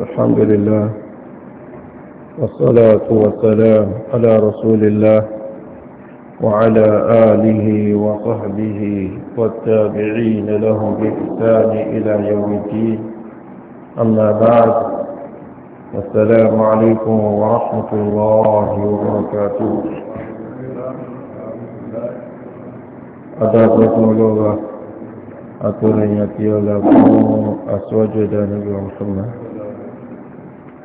الحمد لله والصلاة والسلام على رسول الله وعلى آله وصحبه والتابعين لهم بإحسان إلى يوم الدين أما بعد السلام عليكم ورحمة الله وبركاته أدابكم الله أقول إن يأتي الله أسوجد نبي محمد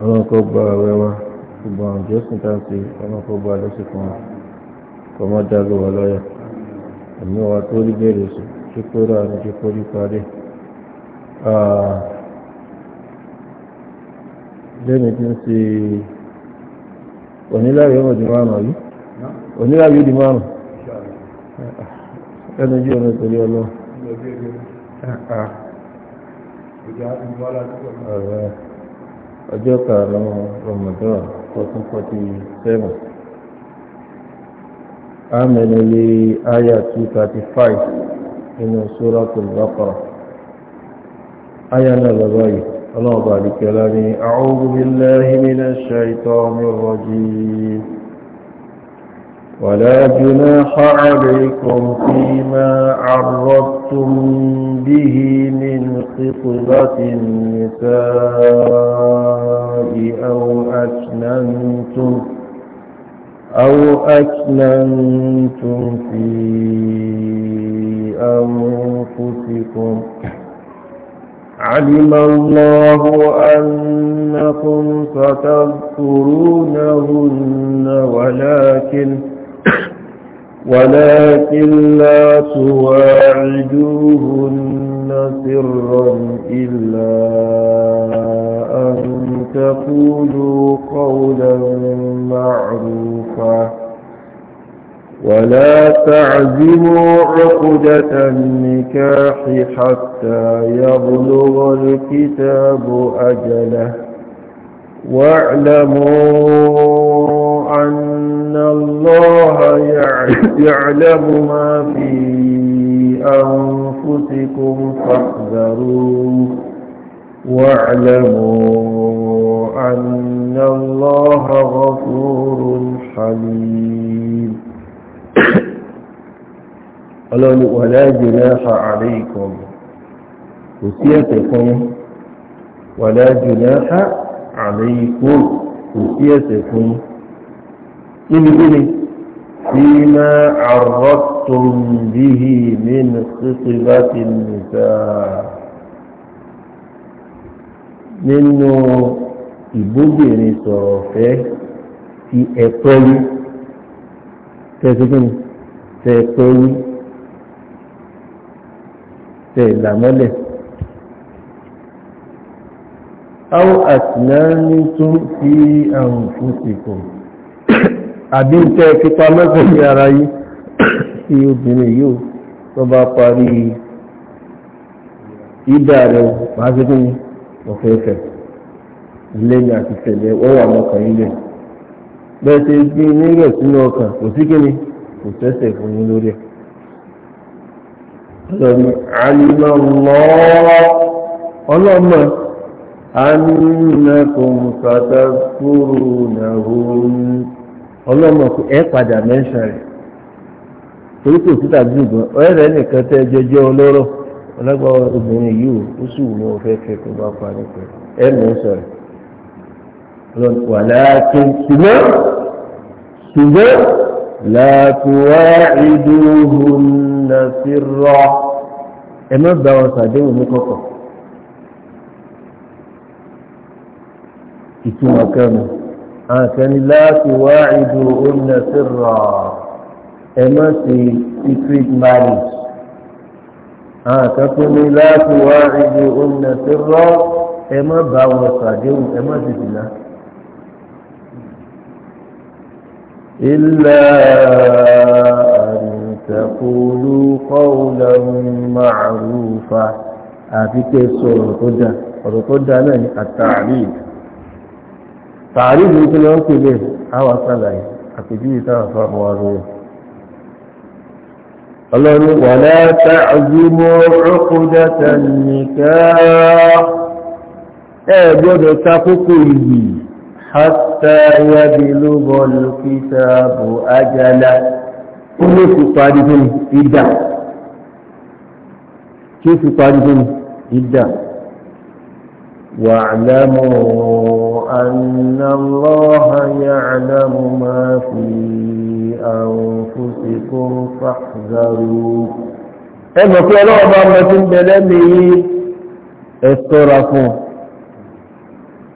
ọlọ́run kó gba àwẹ̀ wa gbogbo àwọn ìjọsìn tá a ṣe ọlọ́run kó gba lọ́sìkò wọn kó má dá lù wá lọ́yà ẹ̀mí wa tó rí bẹ̀rẹ̀ sùn kí kó rà ní kí kó rí parí. lẹ́nu tí ń ṣe oníláyọ̀ ọmọ ìdí márùn-ún yìí oníláyọ̀ ìdí márùn-ún ẹnu jí ọ̀nà ìtòlé ọlọ́run ọjọ́ karùn-ún Ramadan fourteen forty seven amẹ́nulẹ̀ aya two thirty five nínú Suratul Baqarah aya náà lọ́wọ́ yìí ọlọ́ọ̀bà àdìkẹ́lá ní أعوذ بالله من الشيطان الرجيم ولا جناح عليكم فيما عرضتم به من خطبة النساء أسلمتم في أنفسكم علم الله أنكم ستذكرونهن ولكن ولكن لا تواعدوهن سرا إلا أن تقولوا قولا معروفا ولا تعزموا عقدة النكاح حتى يبلغ الكتاب أجله واعلموا أن الله يعلم ما في أنفسكم فاحذروه واعلموا أن الله غفور حليم ọlọ́ni wàláàjì náà ààrẹ ikọ̀ kò sí ẹ̀ṣẹ̀ fún wàláàjì náà ààrẹ ikọ̀ kò sí ẹ̀ṣẹ̀ fún níbi gíní tí máa àrọ́tún bíhì nínú títí bá ti nìta nínú ìbúgbìnrin sọ̀rọ̀ ti ẹ̀pẹ́ wí tẹ́sí gíní tẹ́ẹ̀pẹ́ wí tẹ ìlàmọ́lẹ̀ áwọ́ àtìlẹ́rin tún fi àrùn fún ìkò àbí tẹ́ kípa mẹ́fẹ́ ní ara yí tí obìnrin yóò tó bá parí ìdá rẹ̀ máa fi kún ọ̀fẹ́fẹ́ ilé àti tẹ̀lẹ̀ wọ́n wà ilẹ̀ bẹ́ẹ̀ tẹ́ gbé nígbẹ̀ sínú ọkàn kò sí kíni kò tẹ́sẹ̀ fún yín lórí ẹ̀ lọ́nà alìmọ̀ lọ́wọ́ ọlọ́mọ annakum satazkurunahum ọlọ́mọ ẹ padà mẹ́ṣà rẹ̀ torí kò síta dùgbọ́n ọ̀rẹ́ obìnrin yìí ó sì wù ní ọ̀fẹ́ fẹ́ tó bá parí pẹ̀ ẹ ṣùgbọ́n ṣùgbọ́n لا تواعدوهن سرا اما بابا وصادين ومكوكو كتو مكانو ها لا تواعدوهن سرا اما سي سيكريت ماريج ها لا تواعدوهن سرا اما بابا وصادين اما زي بالله إلا أن تقولوا قولا معروفا أفكي سورة قدى سورة قدى من التعريف تعريف يمكن أن تبه أو أصلي أكدي تعرف وروه الله ولا تعزموا عقدة النكاح ẹ gbọ́dọ̀ takókò hatta yabilugha al-kitabu ajalahu ó ló fi parí fún ìdá kí ó parí fún ìdá واعلموا أن الله يعلم ما في أنفسكم فاحذروا ẹ mọ̀ pé ọlọ́ọ̀bá ọmọ tí ń bẹ fún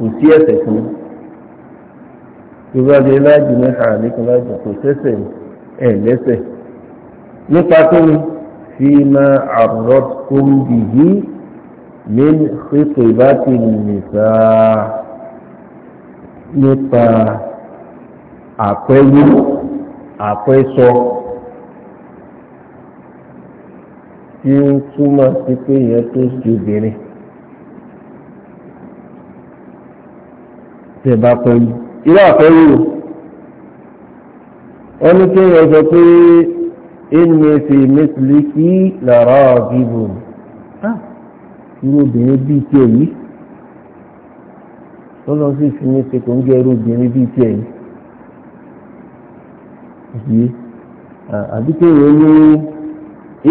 kò sí ẹ̀ṣẹ̀ fún yorùbá bíi láàjì mẹ́ta àlékún láàjì kò sẹ́ṣẹ̀ ẹ̀ lẹ́ṣẹ̀ nípa tó ní fi máa àrọ́ tó ń bì yí ní ṣètò ìbátì nìta nípa àpẹ́lú àpẹ́sọ tí ó túmọ̀ sí pé ìyẹn tó ṣe obìnrin. tẹ̀ bá pẹ̀lú irú àpẹẹrẹ o ẹni tí yẹn sọ pé ẹni fi mẹsìlẹ́kì lọ́rọ̀ gígùn ah, irú obìnrin bíi tiẹ̀ yìí lọ́lọ́ sì fi mí ṣe kò ń gẹ irú obìnrin bíi tiẹ̀ yìí àdúgbò yẹn ní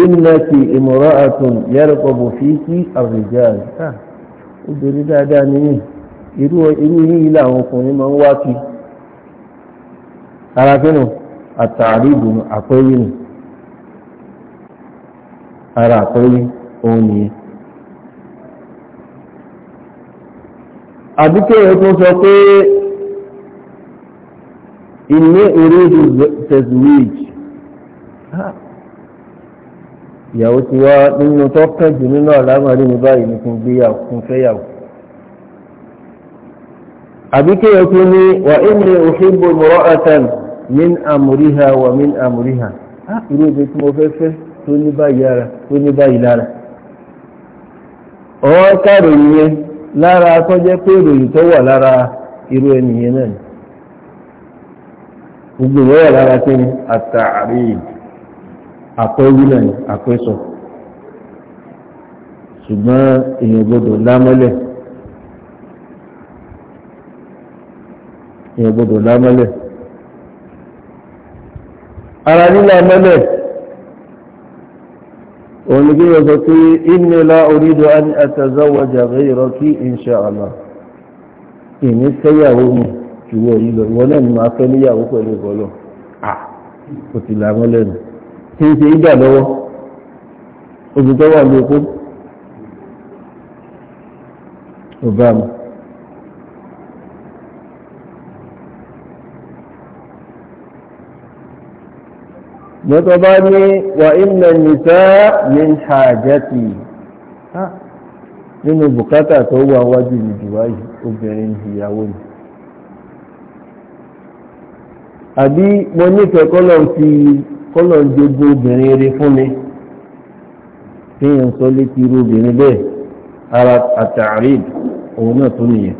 ìmìlẹ́kì ìmọ̀ràn àtùn yẹ́rọ̀ pọ̀ bò fi kí àrùjá rẹ̀ obìnrin dáadáa nìyí irú yìí làwọn ọkùnrin máa ń wá kí ara kínú àtàrí ìdùnnú àpẹẹrẹ nù ara àpẹẹrẹ òun nìyẹn àdúkẹ́ tó sọ pé ilé orílẹ̀ tezwij ìyàwó ti wá nínú tọ́kẹ́ jù nínú àlámàrí ní báyìí ní fún gbéyàwó fún fẹ́yàwó àbíké ẹkú ní wà inni uhibbu mura'atan min amriha min amriha wa ibi tí mo fẹ́ fẹ́ tó ní báyìí lára tó ní báyìí lára ọ̀ káàrò yẹn lára 'Lara jẹ́ pé ìròyìn tó lara lára irú ẹni na náà gbogbo ìwọ́ wà na ṣùgbọ́n èèyàn gbọ́dọ̀ lámọ́lẹ̀ èèyàn gbọdọ̀ lámọ́lẹ̀ ara nílà mọ́lẹ̀ òun ni kí wọ́n sọ pé inni la uridu an atazawwaja ghayraki insha Allah ìní fẹ́yàwó mi ìwọ yìí lọ ìwọ náà ni máa fẹ́ níyàwó pẹ̀lú ìbọ́lọ̀ à kò mọ́tọ́ bá ní wà inna nisaa min hajati nínú bùkátà tó wà wájú ní jùwáyì obìnrin ìyàwó ni àbí mo nífẹ̀ẹ́ kọ́lọ̀ fi kọ́lọ̀ jogbo obìnrin eré fún mi fi ń sọ létí irú obìnrin bẹ́ẹ̀ ara àtàrí òun náà tó nìyẹn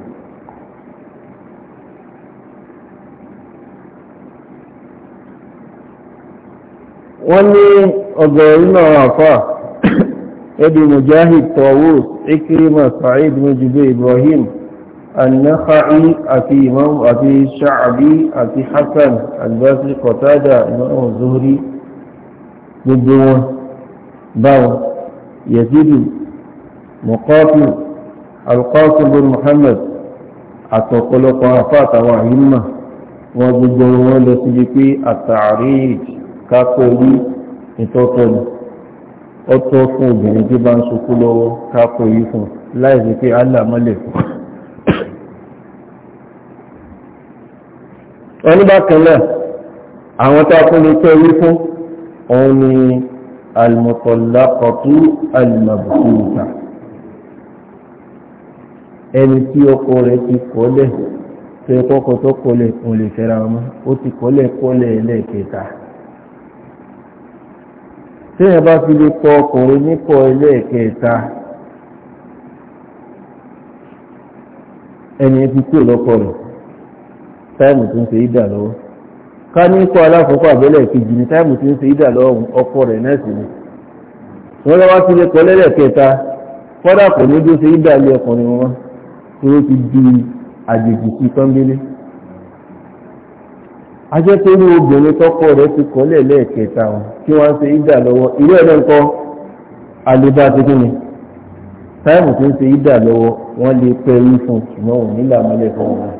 wọ́n ní ọgọ̀rọ̀ iná àfà ẹbí mujahid tawus ikirima sa'id mujube ibrahim annaha'i àti imam àti sha'abi àti hassan albasri qatada imam zuhri gbogbo wọn báwọn yazidu muqatil alqasim bin muhammad àtọ̀pọ̀lọpọ̀ àfà àtàwọn àyíma wọn gbogbo wọn lọ síbi pé àtàríjì kápò wí ìtọ́tọ́ ni ó tọ́ fún obìnrin tí bá ń sukú lọ́wọ́ kápò yí fún láìsí pé allah mọ́lẹ̀ fún ẹni bá kẹlẹ̀ àwọn tá a ní tẹ́ wí fún òun ni almọ̀tọ̀lákọ̀tú alìmọ̀bùkúta ẹni tí ọkọ rẹ̀ ti kọ́lẹ̀ tó ẹkọ́kọ́ tó kọ́lẹ̀ kò lè fẹ́ra wọn ó ti kọ́lẹ̀ kọ́lẹ̀ ẹlẹ́ẹ̀kẹta téèyàn bá fi lè kọ ọkùnrin nípò ẹlẹ́ẹ̀kẹta ẹni ti kú lọ́kọ rẹ̀ táìmù tó ń ṣe ìdà lọ́wọ́ ká ní kọ́ alákọ̀ọ́kọ́ àbẹ́lẹ̀ kejì ní táìmù tó ń ṣe ìdà lọ́wọ́ ọkọ rẹ̀ náà sì ni wọ́n lọ́wọ́ fi lè kọ́ lẹ́lẹ́kẹta kọ́dà kò ní dó ṣe ìdà lé ọkùnrin wọn tí ó ti di àjèjì sí kọ́ńbélé ajẹ́ pé ní obìnrin tọ́kọ rẹ̀ ti kọ́lẹ̀ lẹ́ẹ̀kẹta wọn kí wọ́n ṣe ìdà lọ́wọ́ ilé ẹ̀rọ nǹkan àlebá ti kí ni táìmù tó ń ṣe ìdà lọ́wọ́ wọ́n lè pẹ́ rí fún ṣùgbọ́n òun nílà fún wọn.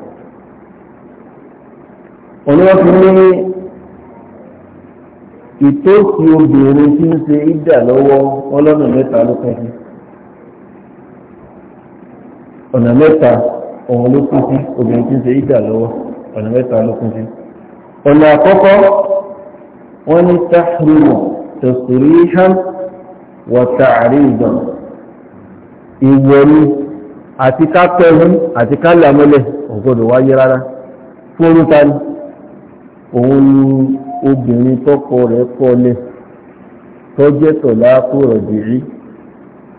ìtòsí obìnrin tí ń ṣe ìdà lọ́wọ́ wọn lọ́nà mẹ́ta ló pẹ́ ọ̀nà mẹ́ta òun ló kú obìnrin tí ń ṣe ìdà lọ́wọ́ ọ̀nà mẹ́ta ló kú ọ̀nà àkọ́kọ́ wọ́n ní tahrimu tasrihan wa ta'ridan ìwọ̀ni àti kápẹ́rú àti kálàmọ́lẹ̀ ògbọ́dọ̀ wáyé rárá fún orúta ni òun ni obìnrin tọ́kọ rẹ̀ kọ́lẹ̀ tọ́jẹ́ tọ̀lá kúrọ̀ dìrí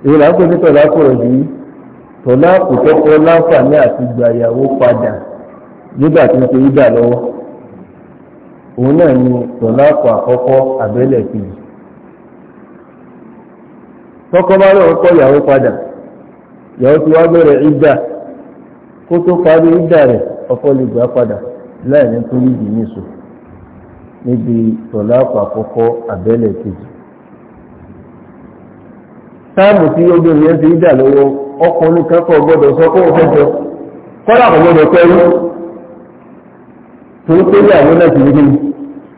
ìrìnà tó ní tọ̀lá kúrọ̀ dìrí lọ́wọ́ òun náà ni tọ̀láàkù àkọ́kọ́ àbẹ́lẹ̀ kejì tọ́kọ bá lọ́wọ́ kọ́ ìyàwó padà ìyàwó ti wá bẹ̀rẹ̀ ìdá kó tó parí rẹ̀ ọkọ lè gbà padà láì tó rí ìdí níbi tọ̀láàkù àkọ́kọ́ àbẹ́lẹ̀ kejì táàmù tí obìnrin yẹn ti ìdá lọ́wọ́ ọkùnrin kẹ́kọ̀ọ́ gbọ́dọ̀ sọ tó tó lé àwọn náà ti rí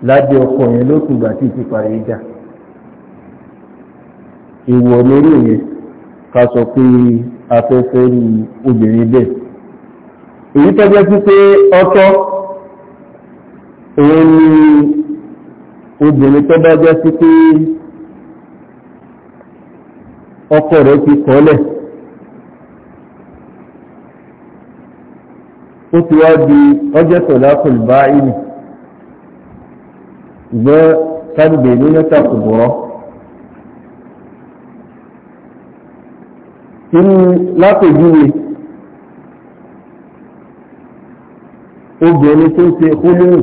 lábẹ́ ọkọ̀ yẹn lókùn ìgbà tí ti parí ìjà ìwọ̀ lórí yẹn ká sọ pé afẹ́fẹ́ ní obìnrin bẹ́ẹ̀ èyí tọ́jọ́ sí pé ọtọ́ òun ni obìnrin tó bá jẹ́ sí pé ọkọ rẹ̀ ti kọ́lẹ̀ ó ti wá di ọjọ́ tọ̀lákùn báyìí ṣùgbọ́n sábìbè ní lẹ́tà kò bọ̀rọ̀ inú lápèjúwe obìnrin tó ń ṣe kúlùú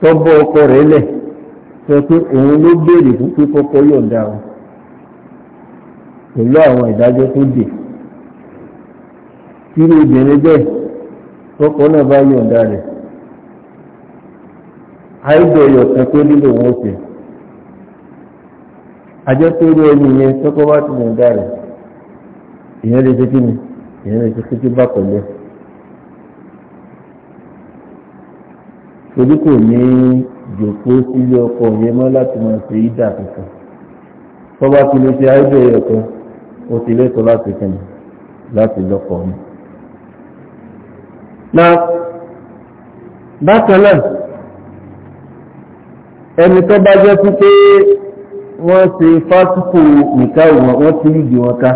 tọ́bọ̀ ọkọ rẹ̀ lẹ̀ sọ pé òun ló béèrè fún pípọ́pọ́ yọ̀ǹda pẹ̀lú àwọn ìdájọ́ tó dè irú obìnrin bẹ́ẹ̀ ọkọ náà bá yọ̀ǹda rẹ̀ àìbẹ̀ yọ̀kan pé nílò wọn ṣe àjẹ́ pé irú ẹni yẹn tọ́kọ́ bá ti yọ̀ǹda rẹ̀ ìyẹn lè ṣe kí ni ìyẹn lè ṣe kí tí bá pẹ̀lú ẹ̀ torí kò ní jòkó sílé ọkọ yẹn mọ́ láti máa ṣe ìdá kankan tọ́ba ti lè ṣe àìbẹ̀ yọ̀kan ó ti lẹ́tọ̀ọ́ láti kẹ́ni láti lọ́kọ̀ọ́ mi. na bákan ẹni tó bá jẹ́ pípé wọ́n ṣe fásitì nìka wọn wọ́n ti rí ìdí wọn ká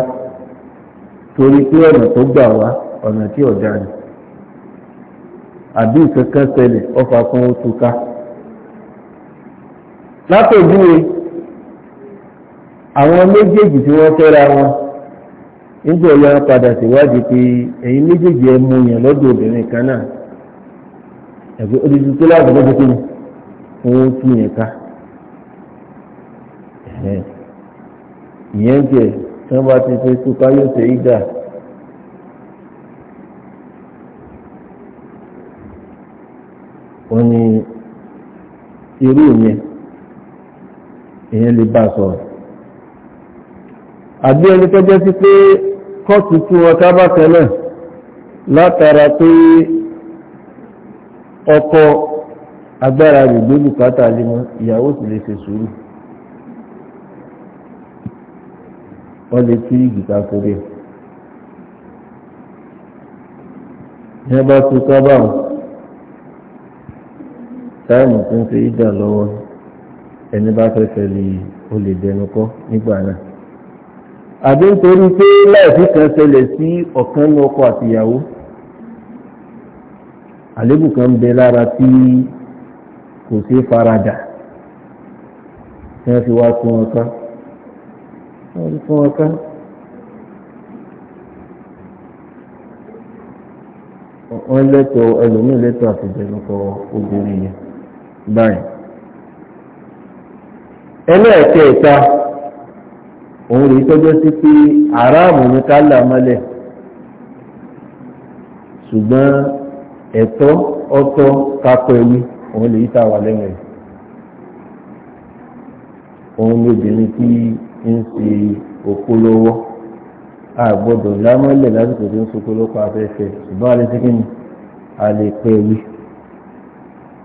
torí pé ọ̀nà tó gbà wá ọ̀nà tí ọ̀dà ni àbí ìkankan ṣẹlẹ̀ ọfà kan ó túká látòjúwe àwọn méjèèjì tí wọ́n wọn nígbà ọ̀yà padà síwádìí pé ẹ̀yin méjèèjì ẹ mú yàn lọ́dọ̀ obìnrin kan náà ẹ̀fẹ́ odidi tó láàbò lọ́dọ̀ tó ní owó tún yẹn ká ìyẹn jẹ tí wọ́n bá ti fẹ́ túká yóò ṣe ìdá wọ́n ní irú yẹn ìyẹn lè bá sọ̀rọ̀ àbí ẹni tó jẹ́ sí pé kọ́ọ̀tù tí wọn ká bá tẹ́lẹ̀ látara pé ọkọ agbára rẹ̀ gbé bùkátà lé mọ́ ìyàwó sì lè ṣe sùúrù wọ́n lè tú ìgìta sórí ẹ̀ ní bá tún kábàáwò táìmù tó ń ṣe ìdà lọ́wọ́ ẹni bá fẹ́ fẹ́ lè olè dẹnu kọ́ nígbà náà àbí nítorí pé láìsí kan ṣẹlẹ̀ sí ọ̀kan ní ọkọ àtìyàwó àlébù kan bẹ lára tí kò sí faradà tí wọ́n fi wá fún wọn ká wọ́n fi fún wọn ká wọ́n lẹ́tọ̀ọ́ ẹlòmíì lẹ́tọ̀ọ́ àfẹ̀jẹ̀lọ́kọ̀ obìnrin yẹn báyìí ẹlẹ́ẹ̀kẹta òun rèé tọ́jọ́ sí pé aráàmù ní kálà mọ́lẹ̀ ṣùgbọ́n ẹ̀tọ́ ọ̀tọ̀ kápọ̀ ẹ̀wí òun lè yíta wà lẹ́wọ̀n ẹ̀ òun ni obìnrin tí ń ṣe òkú lọ́wọ́ àgbọ̀dọ̀ lámọ́lẹ̀ lásìkò tó ń sokó lọ́pọ̀ afẹ́fẹ́ ṣùgbọ́n alẹ́ sí kíni a lè pẹ́ ẹ̀wí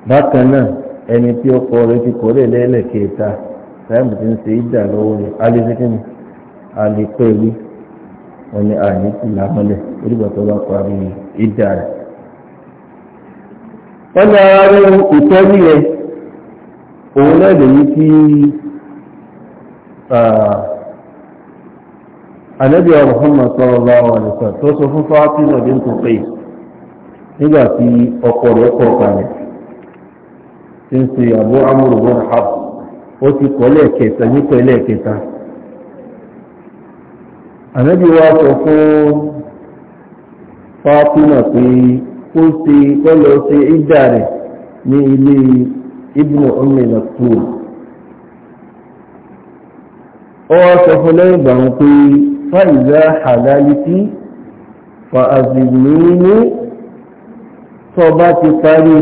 bákan náà ẹni tí ọkọ rẹ̀ ti kọ́lẹ̀ lẹ́lẹ̀kẹta táìmù tí ń ṣe ìdà lọ́wọ́ ni alẹ́sẹ́kẹ́ni alẹ́pẹ́ẹ́wé wọn ni àyè ti là mọ́lẹ̀ orígbà tó bá parí ìdà rẹ̀. wọ́n ní ara rẹ̀ ìtọ́jú rẹ̀ òun náà lèyí tí ànábì Muhammad sallallahu alaihi wasallam tó sọ fún Fatima bint Qais nígbà tí ọkọ rẹ̀ kọ̀ kalẹ̀ tí ń ṣe Abu Amr bin Habs ó ti kọ́ lẹ́ẹ̀kẹta nípa ẹlẹ́ẹ̀kẹta ànábì wa sọ fún Fátímà pé ó ṣe kọ́lọ́ ṣe ìdá rẹ̀ ní ilé Ibnu Ummi Maktum ó wá sọ fún lẹ́yìn ìgbà wọn pé fa àzìmí ti parí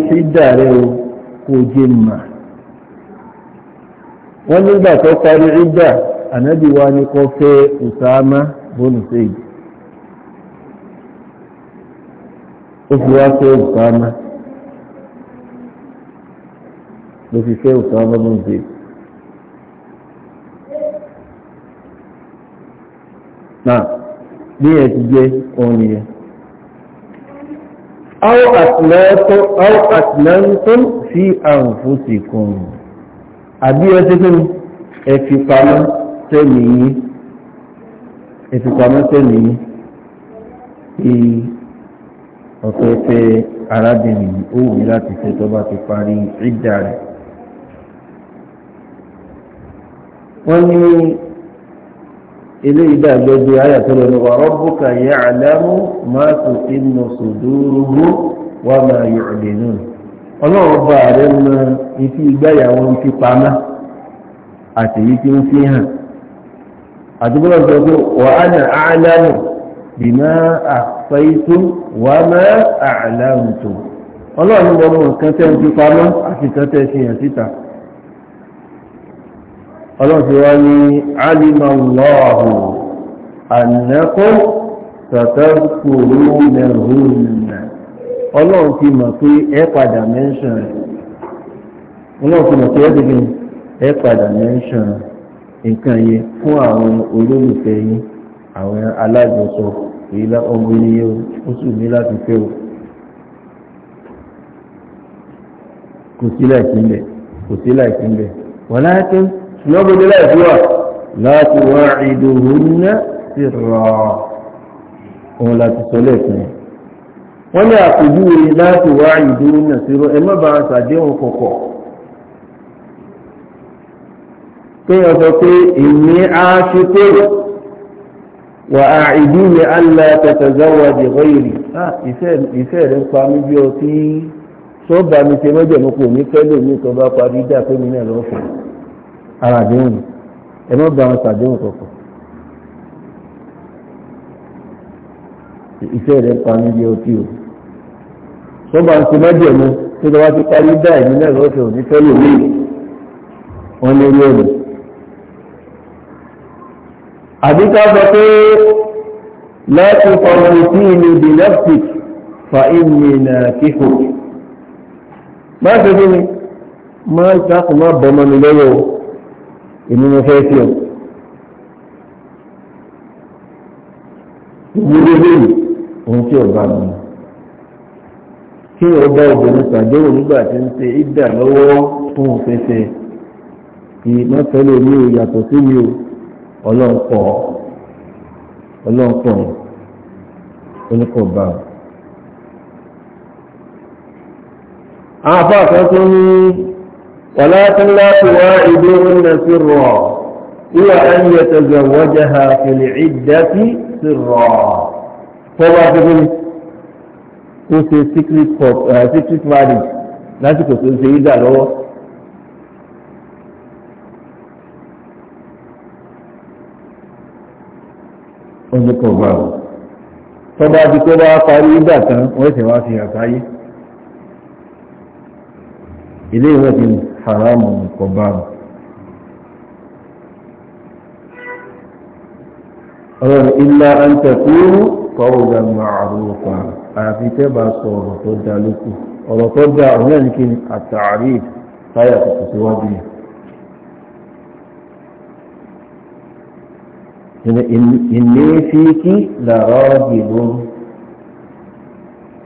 rẹ̀ kò wọ́n nígbà tó parí ìdá ànábì wa ní kó fẹ́ Usama bónú Zayd ó fi wá fẹ́ Usama ló fi fẹ́ Usama bónú Zayd. bí ẹ ti jẹ́ òun nìyẹn. أو أسلمتم في أنفسكم àbí ẹsẹ́ pé ẹ̀fìpamọ́ tẹ́lì yìí ẹ̀fìpamọ́ tẹ́lì yìí ti ọ̀pẹ́ fẹ́ arábìnrin ó wù láti fẹ́ tó bá ti parí ìdá rẹ̀ wọ́n ní ilé ìdájọ́ di ayà tó lọ́nà wà rabbuka ya'lamu ma tukinnu suduruhum wa ma yu'linun ọlọ́run bá ààrẹ ifi ìgbáyà wọn fi àti èyí ń fi hàn àdúgbò sọ pé wà á nà áàlánù bìmọ́ àfẹ́yìtò wà má ọlọ́run wọn tẹ́ ń fi pamọ́ àti nǹkan tẹ́ hàn síta wá ní alimallahu annakum satarkurunahunna ọlọ́run ti mọ̀ pé ẹ padà mẹ́ńṣọ̀n rẹ̀ ọlọ́run ti mọ̀ pé ẹ ti gbìn ẹ padà mẹ́ńṣọ̀n nǹkan yẹn fún àwọn olólùfẹ́ yín àwọn alájọsọ èyí ọgbẹ́ ni yẹn ó sì ní láti fẹ́ o kò sí láìsí ńbẹ kò sí láìsí ńbẹ wọn láti ṣùgbọ́n gbogbo láìsí wà láti wá ìdòwò ní sírọ̀ òun láti sọ lẹ́ẹ̀kan yẹn wọ́n ní àpèjúwe láti wá ìdúró náà sí ẹ má bàa ṣàdéhùn kọ̀kọ̀ kéèyàn sọ pé èmi á ṣe pé wà á ìdí mi á la tẹ̀tẹ̀záwà dìbò ìrì ìfẹ́ rẹ̀ ń pa mí bí ọtí sọ́ọ̀bà mi ṣe mọ́jọ̀mọ́ kò ní pẹ́ lómi tó bá parí dà pé mi náà lọ́fọ̀ọ́ ara àdéhùn ẹ má bàa kọ̀kọ̀. iṣẹ́ rẹ̀ pa ní bí ọtí o tó bá ń ṣe mọ́jẹ̀ mu tó lọ́wọ́ ti parí dá ìlú náà lọ́sẹ̀ òní tẹ́lẹ̀ mí wọ́n ní orí ọ̀nà. àbí ká sọ pé lẹ́kùn fọwọ́n sí ni bileptic fa ìmì nà kíkò má ṣe kí ni má ṣàkó má bọ́ mọ́ lọ́wọ́ èmi mo fẹ́ sí ọ. ìwúrí lónìí ohun tí ọba mi kí ọba obìnrin pàdéwò nígbà tí ń ṣe ìdà lọ́wọ́ fún òfẹ́fẹ́ kì í má fẹ́ lómi ò yàtọ̀ sí mi ò ọlọ́ǹkọ̀ ọlọ́ǹkọ̀ oníkọ̀ọ̀bà. àwọn afọ àkọ́kọ́ ní wàlá tó wá ìdí oúnjẹ sí ha ìdá sí tọ́wọ́ uh, abẹ́gbẹ́ni tó ṣe secret pop secret marriage lásìkò tó ṣe yídà lọ́wọ́. oúnjẹ kan bá wọn tọ́ba ti tó bá parí yídà tán wọ́n ṣe wá fi hàn sáyé ilé ìwé ti haramu nǹkan bá wọn. ọlọ́run ilá ń tẹ̀kúrú qawlan ma'rufa àyàfi tẹ́ bá sọ ọ̀rọ̀ tó dá lókù ọ̀rọ̀ tó dá òun náà ní kí ni àtàrí táyà tuntun síwájú yìí fi kí làrá ìbò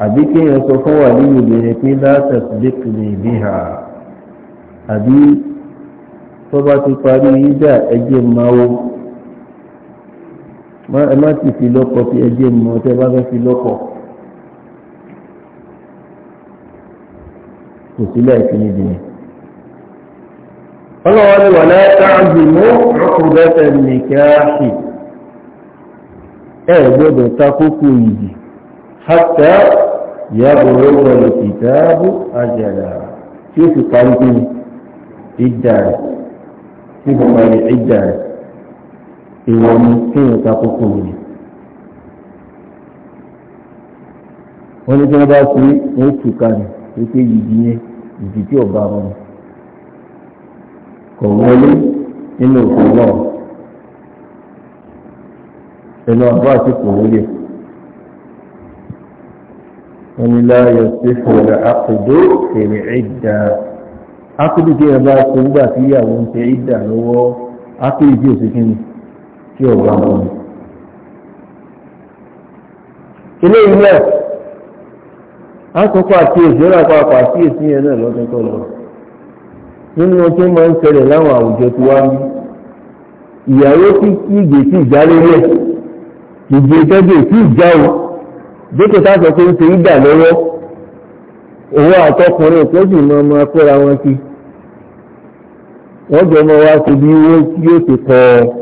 àbí kí èèyàn sọ fún wà ní ìbẹ̀rẹ̀ pé látàsílẹ̀kì ní ìbíhà àbí tó bá ti parí ìdá ẹgbẹ́ máa ẹ má ti fi lọ́kọ̀ fi ẹjẹ́ mọ́ tẹ́ bá fẹ́ fi lọ́kọ̀ kò sílẹ̀ ìfini dìní. ọlọ́wọ́ ni wà láyé ájú mú ọkùnrin nìkẹ́ráṣì ẹ gbọ́dọ̀ takókò ìdì hátà yàgòrò pẹ̀lú ìdáàbò àjàrà tí ó fi parí kí ìdà rẹ̀ tí ó fi parí ìdà rẹ̀ èèyàn ni kéèyàn ta kókó yìí wọ́n ní tí wọ́n bá fi ó tùkà ní wípé yìí yẹn ìdí tí ọba wọn kò wọlé nínú òfin náà ẹnu àbá àti kò wọlé wọ́n ní láàyè sí fòrò àkùdó fèrè ìdá àkùdó tí ẹ bá tó ń gbà sí ìyàwó ń ṣe ìdá lọ́wọ́ àkùdó tí ò sí kí ni tí ò bá wọn. ilé ìwé àkókò àkíyèsí ó lápapọ̀ àkíyèsí yẹn náà lọ́dún tó lọ nínú ohun tó máa ń ṣẹlẹ̀ láwọn àwùjọ tí wá ní ìyàwó tí kí ìgbè sí ìjálé rẹ̀ ìgbè tẹ́gbè sí ìjáwó dípò táṣọ pé ń ṣe ìdà lọ́wọ́ òun àtọkùnrin tó sì mọ ọmọ wọn kí wọ́n jọ mọ wá sí bí owó tí yóò ti kọ́ ọ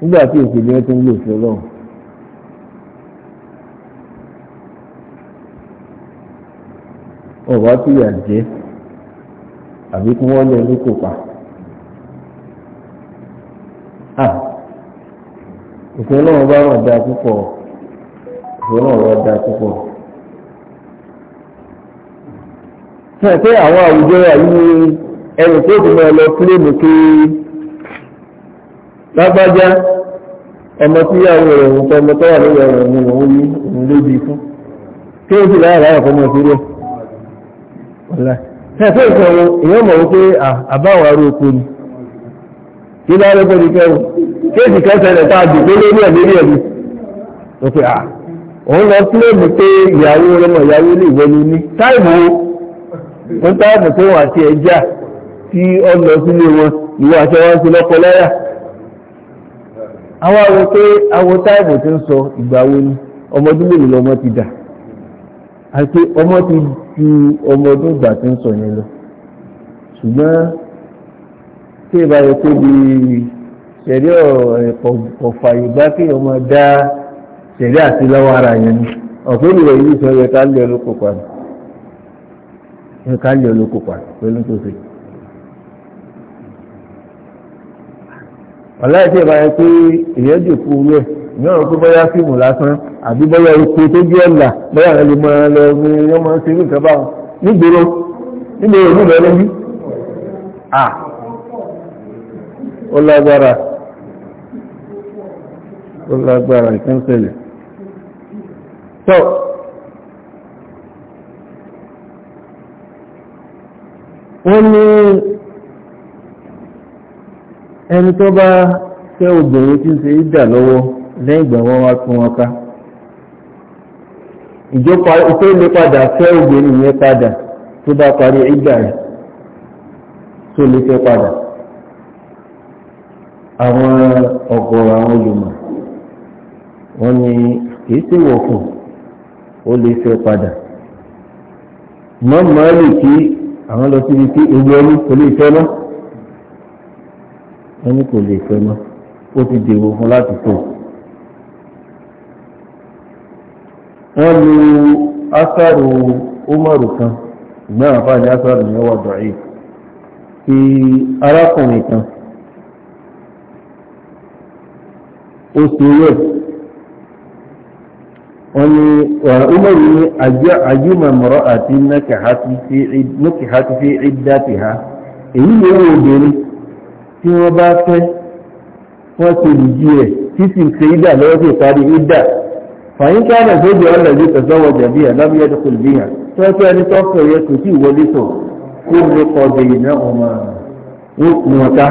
nígbà tí èsì ìbílẹ̀ tó ń lò sí ọlọ́run. ọ̀wá tó yà jẹ́ àbí kí wọ́n lé ní kò pa. òfin ọlọ́run bá rọ̀ dáa púpọ̀ òfin ọlọ́run bá dáa púpọ̀. sọ pé àwọn àwùjọ àyíwò ẹrù tó ti máa lọ fúlẹ́ẹ̀mù kí lágbájá ọmọ tí yàwó rẹ̀ ń tọ́ ọmọ tó wà lórí ọ̀rọ̀ òun òun ní òun ló bí fún kí ó sì láàrín àwọn ọmọ ìfúrú ọ̀la ṣẹ́fẹ́ ìfọ̀rọ̀ èèyàn mọ̀ wípé àbáwọn arú oko ni kí bá lọ́pọ̀ ní kẹ́wọ̀ kéèsì kẹsẹ̀lẹ̀ tá a dì tó lórí ẹ̀mí ni ní táìmù wọn táìmù tó wà sí ẹja tí ọ lọ sílé wọn ìwọ àṣẹ àwọn àwọn pé àwọn táìmù ti ń sọ ìgbà wo ni ọmọdún mélòó lọmọ ti dà àti ọmọ ti ju ọmọdún ìgbà ti ń sọ yẹn lọ ṣùgbọ́n tí ìbá yẹ pé bí ṣẹ̀rí ọ̀fàyè bá kí ọmọ dá ṣẹ̀rí àti lọ́wọ́ ara yẹn ni ọ̀pẹ́ ìwẹ̀ yìí sọ yẹ ká lé olóko pẹ̀lú tó ṣe. ọ̀láìsí ìbára pé èyẹ́ jòkó orí ẹ̀ náà pé bọ́yá fíìmù lásán àbí bọ́yá oko tó jẹ́ ọ̀là bọ́yá rẹ̀ lè mọ ẹlẹ́ omi yọ́n máa ń ṣe irú nǹkan báwọn nígboro nígboro ìlú rẹ̀ lórí à ó lágbára ó lágbára ìkẹ́ńsẹ̀lẹ̀ tó wọ́n ní ẹni tó bá fẹ́ obìnrin tí ń se ìdà lọ́wọ́ lẹ́yìn ìgbà wọn wá tún wọn ká ìjọpa tó lè padà fẹ́ obìnrin yẹn padà tó bá parí ìdà rẹ̀ tó lè fẹ́ padà àwọn ọ̀gọ̀rọ̀ àwọn olùmọ̀ wọ́n ní kìí sí wọ̀fún ó lè fẹ́ padà mọ́ kí àwọn lọ síbi ewu kò lè wọ́n kò lè fẹ́ mọ́ ó ti dèrò fún láti tó wọ́n lu asáàrù umaru kan ìgbọ́n àfáàní asáàrù yẹn wà dọ̀rí ti arákùnrin kan ó ṣe rẹ̀ wọ́n umaru ní àti fi ìdá ti ha èyí ni ó wọ́n tí wọ́n bá fẹ́ wọ́n ti rìjí ẹ̀ tí sì ń ṣe ìdà lọ́wọ́ sí ìparí ìdà fàyín káàdà tó jẹ́ ọ̀là yìí tẹ̀sọ́wọ́ jàbí àlábíyá tó kò lè yàn tó ẹ́ pé ẹni yẹ kò sí ìwọlé tó kó lè kọ́ bẹ̀yì náà ọmọ wọn ká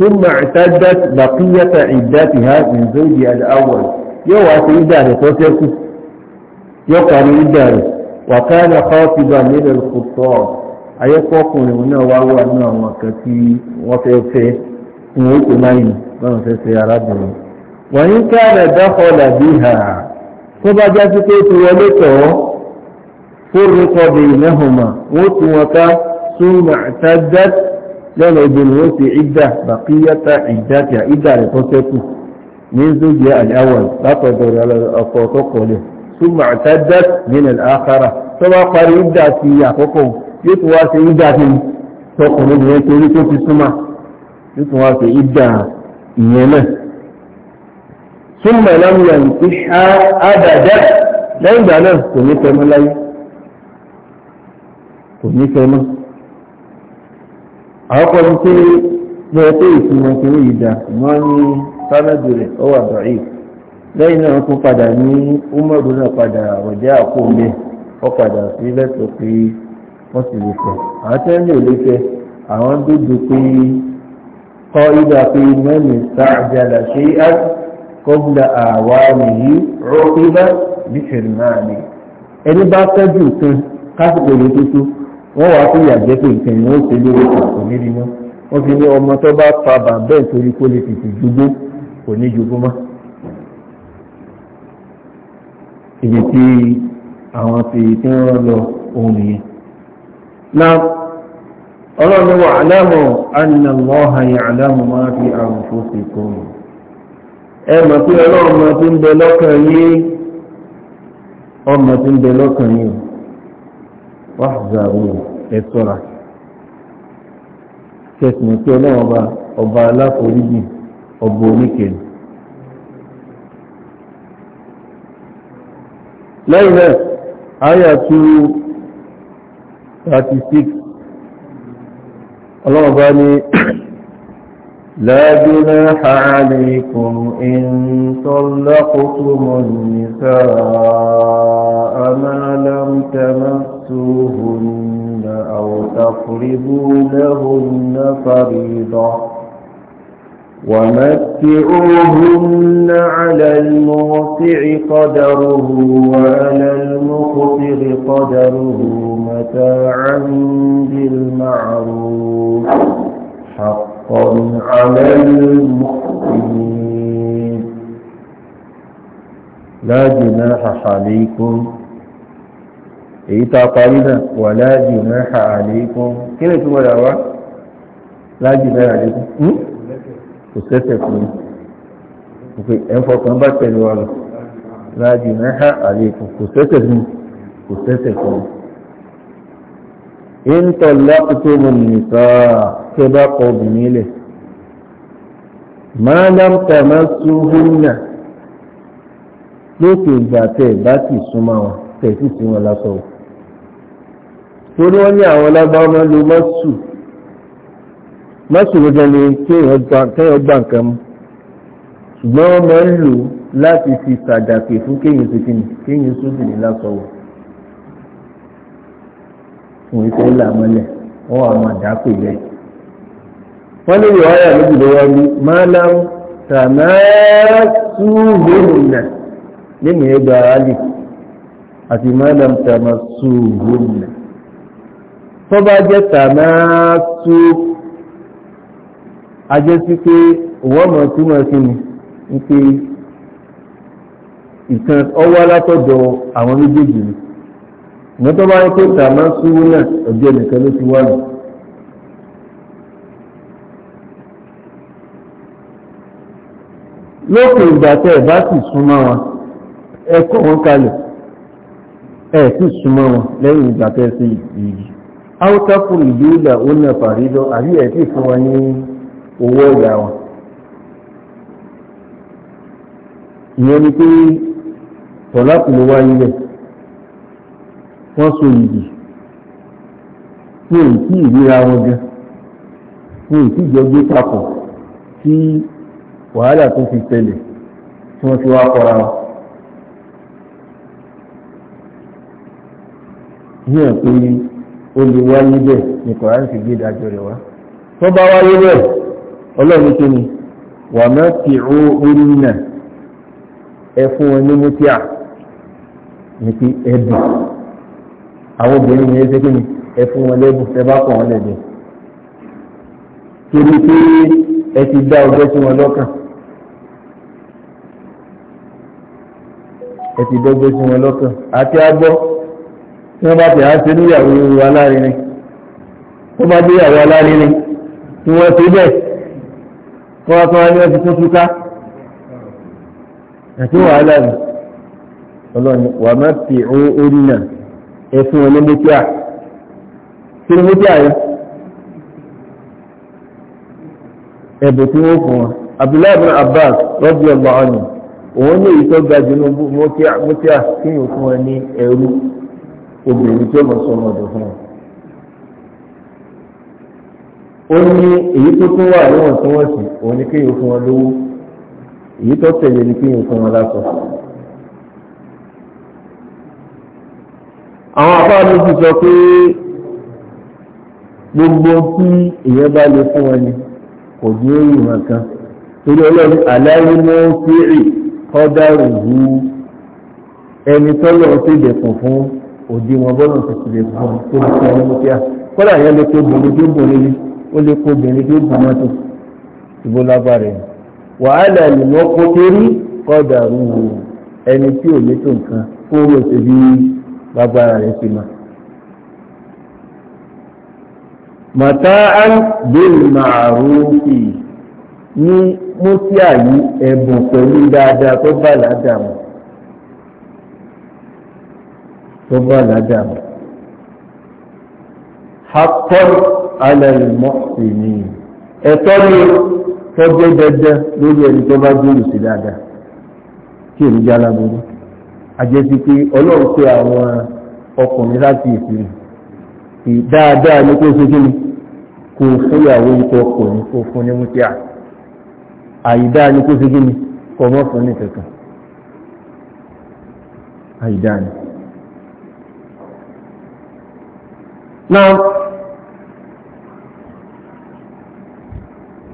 ثم اعتدت بقية عدتها من زوجها الأول yóò wá sí ìdà rẹ̀ tó fẹ́ kú yóò parí ìdà rẹ̀ وكان خاطبا من الخطاب ayẹ́kọ́kùnrin òun náà wá wà ní àwọn kan tí wọ́n fẹ́ fẹ́ fún oókè láyìn báwọn fẹ́ fẹ́ arábìnrin wọ́n ń káàrẹ̀ dákọ̀ọ́lá bí hà tó bá já sí pé ti wọlé tọ̀ ọ́ fórúkọ bèèrè mẹ́hùnmá wọ́n tún wọn ká súnmọ́ àtàdá lẹ́nu obìnrin ó ti ìdá bàkíyàtà ìdájà ìdá rẹ̀ tó sẹ́kù ní zójì àyàwọ̀ látọ̀dọ̀ ọkọ̀ tó kọlẹ̀ súnmọ́ àtàdá nínú àkàrà tó bá parí ìdá sí àkọ́kọ́ yóò tún wá ṣe ìdá fi tọkùnrin ìyẹn torí tó fi súnmà yóò wá ṣe ìdá ìyẹn náà súnmà lọ́mìnà ti na igba lẹ́yìn ìgbà náà kò ní fẹ́ mọ́ láyé kò ní fẹ́ mọ́ àwọn kan tí mo rẹ pé ìsinmi kiri ìdá ní rẹ̀ padà ní umaru náà padà padà sí wọ́n sì lè fẹ́ àwọn tí wọ́n lè lè fẹ́ àwọn dúdú pé kọ́ ibà pé mẹ́rin sáàjàlá ṣe á kọ́bùlà àwa nìyí rọ́bíbá nífẹ̀ẹ́ náà ni ẹni bá fẹ́jú nǹkan kásìkò lè tuntun wọ́n wá sí ìyàjẹ́ pé nǹkan ìwọ̀n ó ṣe lórí kò ní rí mọ́ wọ́n fi ní ọmọ tó bá fa bàbá ẹ̀ torí kó lè tètè jogó kò ní jogó mọ́ ibi àwọn tí wọ́n lọ ohun nìyẹn na ọlọ́run wà aláàmù annàlọ́ha yà aláàmù máa fi àrùn fòsì kún ẹ mọ̀ pé ọlọ́run máa ti ń bẹ lọ́kàn yìí ọmọ ti ń bẹ lọ́kàn yìí ọba 36 ọlọ́run لا جناح عليكم إن طلقتم النساء ما لم تمسوهن أو تفرضوا لهن فريضة ومتعوهن على الموسع قدره وعلى المقتر قدره متاعا بالمعروف حقا على المحسنين لا جناح عليكم إيتا قريبا ولا جناح عليكم كيف تقول لا جناح عليكم kò sẹ́sẹ̀ fún òkè ẹ̀fọ́kàn bá tẹ̀lé wa lọ láàájú mẹ́ta àlékún kò sẹ́sẹ̀ fún kò sẹ́sẹ̀ fún ń tọ́lá tó mú nìta tó bá kọ obìnrin lẹ̀ máa láǹtà máa sú húnnà lókè ìgbà tẹ̀ bá sì súnmọ́ wọn tẹ̀ sì sí wọn lásọ̀rọ̀ torí wọ́n ní àwọn lágbáwọ́ máa lo mọ́sù mọ́sùlùmí gan ni kéèyàn gbà nǹkan mú ṣùgbọ́n wọ́n máa ń lò láti fi sàdàpè fún kéèyàn tó kíni kéèyàn sóbì ní lásọ̀wọ̀ fún ìfẹ́ làmọ́lẹ̀ wọ́n wà máa dápè bẹ́ẹ̀. wọ́n ní ìwà ọ̀yà níbi ló wá ní máa láwọn tàmásùhùnà nínú ẹgbẹ́ aráàlì àti máa láwọn tàmásùhùnà tó bá jẹ́ tàmásùhùnà ajẹ́ sí pé ìwọ́mọ̀ túnmọ̀ sí ni wípé ìtàn ọwọ́ látọ̀dọ̀ àwọn méjèèjì ni mọ́tọ́ bá ní pé ìtàmá súwó náà ọjọ́ nìkan ló ti wà nù lókè ìgbà tẹ́ ẹ̀ bá sì súnmọ́ wọn ẹ kọ́ wọn kalẹ̀ ẹ sì súnmọ́ wọn lẹ́yìn ìgbà tẹ́ sí ìyí áwọ́tá fún ìdílé ìgbà ó nà fàrídọ́ àbí ẹ̀ sì fún wọn ní owó ọ̀yà wọn ìyẹn ni pé tọ̀láàpù ló wáyé rẹ̀ wọ́n so yìí ní èyí tí ìríra wọn gan ní èyí tí ìjọ gbé papọ̀ tí wàhálà tó fi tẹlẹ̀ tí wọ́n fi wá kọ́ra wọn. ní ẹ̀ pé ó lè wáyé bẹ́ẹ̀ ni kọ̀ọ̀rán fi gbé ìdájọ́ rẹ̀ wá tó bá wáyé bẹ́ẹ̀ ọlọ́run tó ní wà máa ti rú orí nà ẹ fún wọn ní mútíà ní pé ẹbù àwọn obìnrin yẹn ṣe kí ni ẹ fún wọn lẹ́bù ẹ bá kọ̀ wọn lẹ́bù torí pé ẹ ti dá ọjọ́ sí wọn lọ́kàn ẹ ti dọ́gbọ́ sí wọn lọ́kàn àti agbọ́ tí wọ́n bá tẹ̀ á ṣe níyàwó alárinrin tó bá dé ìyàwó alárinrin tí wọ́n ti bẹ́ẹ̀ kọ́ ọ tó wá ní ọtí tó túká àti wàhálà rẹ̀ ọlọ́ni wà má fi òun orí náà ẹ̀fún wọn ní kí ni mọ́tíà yẹn ẹ̀bùn tí wọ́n fún wọn Abdullahi bin Abbas radiyallahu anhu òun ní èyí tó ga jù ní mọ́tíà kí ni òfin wọn ní ẹrú obìnrin tí mọ̀ sọ́mọ́dọ̀ fún wọn ó ní èyí tó tún wà níwọ̀ntúnwọ̀nsì òun ni kéèyàn fún wọn lówó èyí tó tẹ̀lé ni kéèyàn fún wọn láṣọ. àwọn afárá méjì sọ pé gbogbo tí èèyàn bá lè fún wọn ni kò ní èyí wọn kan torí ọlọ́run aláyé ló ń fèrè kọ́dárù wú ẹni tọ́lọ̀ ti dẹ̀kùn fún òdiwọ̀n bọ́lọ̀ tuntun lè fún un tó ń fún ọmọ kíá kọ́dà yẹn lè tó bòrò tó bòrò yìí ó lè kó obìnrin tó gùn mọ́tò ìbò lágbára ẹ̀ wàhálà ìlúmọ́ kó torí kọ́dà rúhù ẹni tí ò létò nǹkan kó rò sí bí lágbára rẹ̀ ti mà. màtá án bèèrè màrúfì ní mọ́tíà yìí ẹ̀bùn pẹ̀lú dáadáa tó bá ládàá tó bá ládàá mọ́. alẹ́lmọ́sìnì ẹ̀tọ́ ni tó jẹ́ dẹ́dẹ́ lórí ẹni tó bá gbòòrò sí dáadáa kí èmi jẹ́ aláboyún àjẹsí pé ọlọ́run pé àwọn ọkùnrin láti ìsinmi dáadáa ní kó sókè ni kò fúyàwó ọkùnrin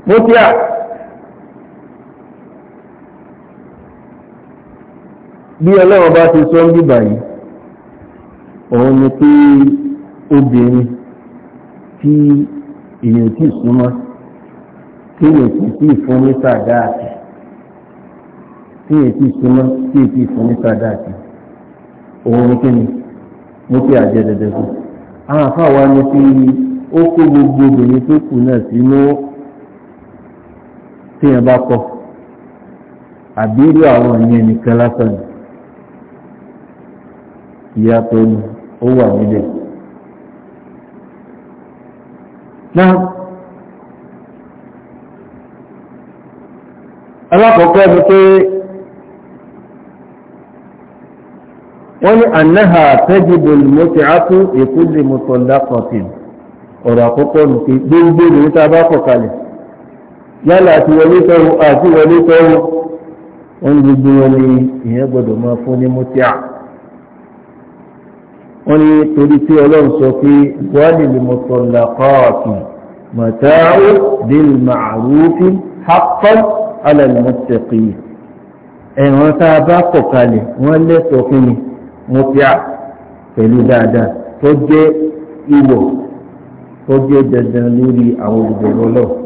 mútíà bí ọlọ́run bá ti sọ ń bíbà yìí òun ni pé obìnrin tí èèyàn tí súnmọ́ tí èèyàn kò sí fún ní sàdáàtì tí èèyàn tí súnmọ́ tí èèyàn tí fún ní sàdáàtì òun ni kí ni mútíà jẹ́ dẹ́dẹ́ fún àwọn àfáà ni pé ó kó gbogbo obìnrin tó kù náà sínú tí yẹn bá kọ àbírú àwọn ìyẹn nìkan lásán ni ìyàtọ̀ ni ó wà níbẹ̀. náà alákọ̀ọ́kọ́ ni pé wọ́n ní ànáhà tẹ́jìbò lùmọ́tì átú èkúlè mọ́tò lápọ̀tì ọ̀rọ̀ àkọ́kọ́ nù gbogbo ìròyìn bá kọ̀ kalẹ̀ yálà àti wọlé tọ́wọ́ àti wọlé tọ́wọ́ wọ́n gbogbo wọn ni ìyẹn gbọ́dọ̀ máa fún ní mútíà wọ́n ní torí tí ọlọ́run sọ pé wọ́ọ̀lì lè mọ̀tọ́ làkọ́ọ̀tì mọ̀táwó bíl màrúfì haqqan ala al-muttaqin ẹ̀wọ̀n tá a bá kọ̀ kalẹ̀ wọ́n lẹ́tọ̀ọ́ fún mi mútíà pẹ̀lú dáadáa tó jẹ́ ìwọ̀ tó jẹ́ dandan lórí àwọn olùbẹ̀rẹ̀ ọlọ́run